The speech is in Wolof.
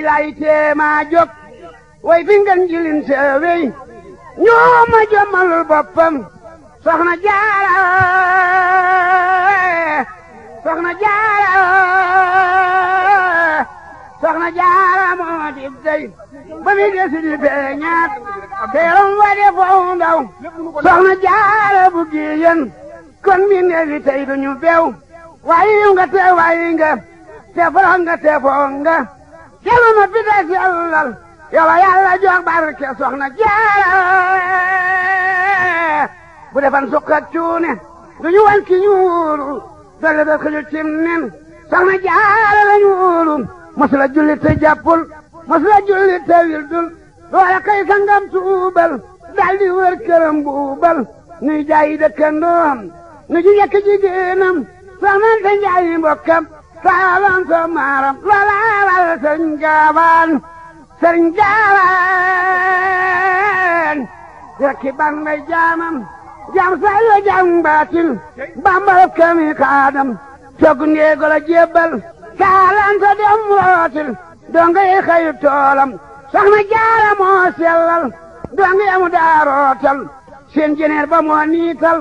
bilaay teema jóg way fi ngeen jilin seewey ñoo ma jëmmalul boppam soxna jaara soxna jaara soxna moo di dey ba mi desi di feeñaat teeram wa de foofu ndaw soxna jaara bu giyen kon mi neefi tey duñu beew waaye nga te waaye nga te faral nga te foog nga keluma bi da sellal yow yàlla jox barke soxna jaara bu defan suqat cuune duñu wan ki ñuulu dolle da xëju cim nen soxna jaara la ñuulu mosula julli te jàppul mosula julli te wildul loola kay sangam tuubal daldi wër këram buubal nuy jaayi dëkkandoom nu ji yekk jigéenam soxna te njaayi mbokkam taalan maaram lalaalal sëñ jaabaan sëñ jaabaan rekki ban na jaamam jam sayla jam baatin bambal kami kaadam cog ndeegola jébbal taalan dem rootil donga yi xayu toolam soxna jaara moo sellal donga yamu daarootal seen jeneer ba moo niital